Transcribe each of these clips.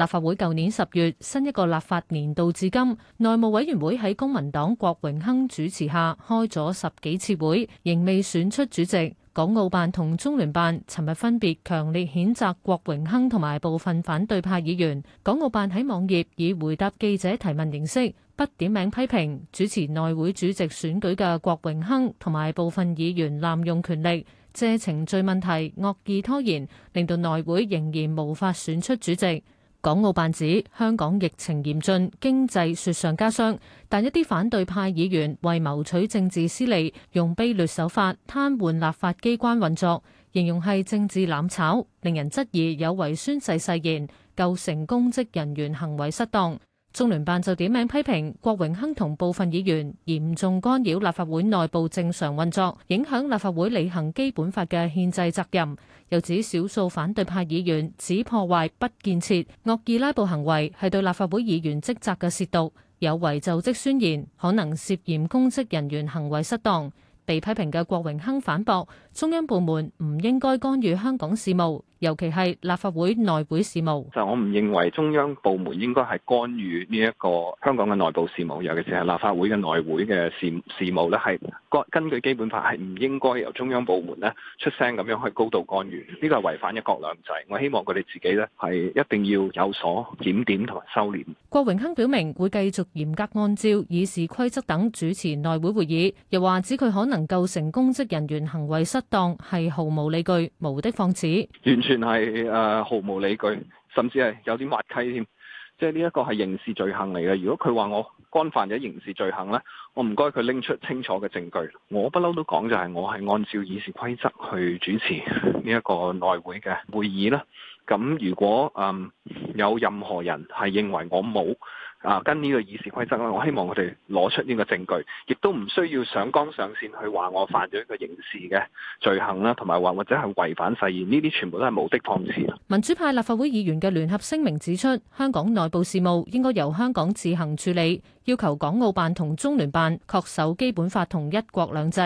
立法會舊年十月新一個立法年度至今，內務委員會喺公民黨郭榮鏗主持下開咗十幾次會，仍未選出主席。港澳辦同中聯辦尋日分別強烈譴責郭榮鏗同埋部分反對派議員。港澳辦喺網頁以回答記者提問形式，不點名批評主持內會主席選舉嘅郭榮鏗同埋部分議員濫用權力、借程序問題惡意拖延，令到內會仍然無法選出主席。港澳辦指香港疫情嚴峻，經濟雪上加霜，但一啲反對派議員為謀取政治私利，用卑劣手法癱瘓立法機關運作，形容係政治攬炒，令人質疑有違宣誓誓言，構成公職人員行為失當。中聯辦就點名批評郭榮鏗同部分議員嚴重干擾立法會內部正常運作，影響立法會履行基本法嘅憲制責任。又指少數反對派議員只破壞不建設，惡意拉布行為係對立法會議員職責嘅褻瀆，有違就職宣言，可能涉嫌公職人員行為失當。被批評嘅郭榮鏗反駁，中央部門唔應該干預香港事務。尤其係立法會內會事務，就我唔認為中央部門應該係干預呢一個香港嘅內部事務，尤其是係立法會嘅內會嘅事事務咧，係根根據基本法係唔應該由中央部門咧出聲咁樣去高度干預，呢個係違反一國兩制。我希望佢哋自己咧係一定要有所檢點同埋收斂。郭榮鏗表明會繼續嚴格按照議事規則等主持內會會議，又話指佢可能構成公職人員行為失當，係毫無理據，無的放矢，全係誒毫無理據，甚至係有啲滑稽添。即係呢一個係刑事罪行嚟嘅。如果佢話我干犯咗刑事罪行呢，我唔該佢拎出清楚嘅證據。我不嬲都講就係我係按照議事規則去主持呢一個內會嘅會議啦。咁如果誒、嗯、有任何人係認為我冇，啊，跟呢個議事規則啦，我希望佢哋攞出呢個證據，亦都唔需要上綱上線去話我犯咗一個刑事嘅罪行啦，同埋話或者係違反誓言，呢啲全部都係無的放矢。民主派立法會議員嘅聯合聲明指出，香港內部事務應該由香港自行處理，要求港澳辦同中聯辦確守基本法同一國兩制。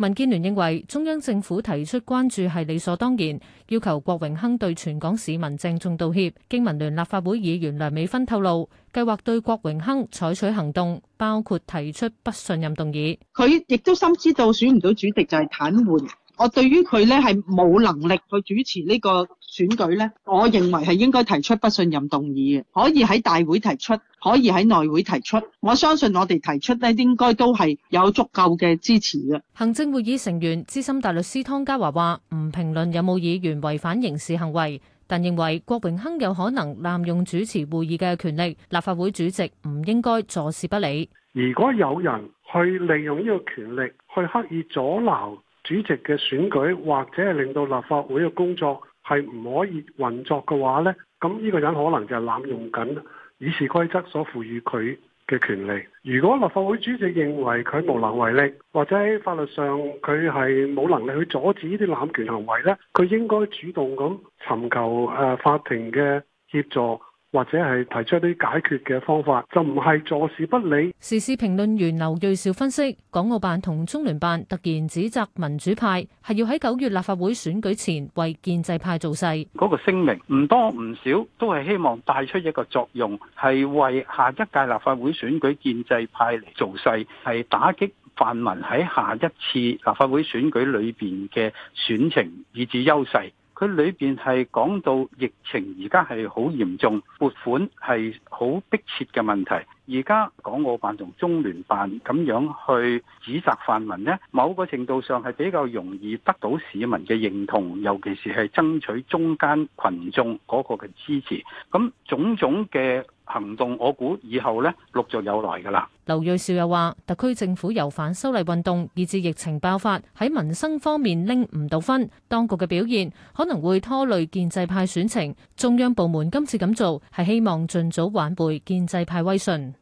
民建聯認為中央政府提出關注係理所當然，要求郭榮鏗對全港市民鄭重道歉。經民聯立法會議員梁美芬透露，計劃對郭榮鏗採取行動，包括提出不信任動議。佢亦都深知道選唔到主席就係癱瘓。我對於佢咧係冇能力去主持呢個選舉呢，我認為係應該提出不信任動議嘅，可以喺大會提出，可以喺內會提出。我相信我哋提出呢應該都係有足夠嘅支持嘅。行政會議成員資深大律師湯家驊話：唔評論有冇議員違反刑事行為，但認為郭榮鏗有可能濫用主持會議嘅權力，立法會主席唔應該坐視不理。如果有人去利用呢個權力去刻意阻撓，主席嘅選舉，或者係令到立法會嘅工作係唔可以運作嘅話呢，咁呢個人可能就濫用緊議事規則所賦予佢嘅權力。如果立法會主席認為佢無能為力，或者喺法律上佢係冇能力去阻止呢啲濫權行為呢，佢應該主動咁尋求誒法庭嘅協助。或者係提出啲解決嘅方法，就唔係坐視不理。時事評論員劉瑞兆分析，港澳辦同中聯辦突然指責民主派係要喺九月立法會選舉前為建制派造勢。嗰個聲明唔多唔少都係希望帶出一個作用，係為下一屆立法會選舉建制派嚟造勢，係打擊泛民喺下一次立法會選舉裏邊嘅選情以至優勢。佢裏邊係講到疫情而家係好嚴重，撥款係好迫切嘅問題。而家港澳辦同中聯辦咁樣去指責泛民呢，某個程度上係比較容易得到市民嘅認同，尤其是係爭取中間群眾嗰個嘅支持。咁種種嘅。行動，我估以後呢，陸續有來㗎喇。劉銳紹又話：特區政府由反修例運動以至疫情爆發，喺民生方面拎唔到分，當局嘅表現可能會拖累建制派選情。中央部門今次咁做，係希望盡早挽回建制派威信。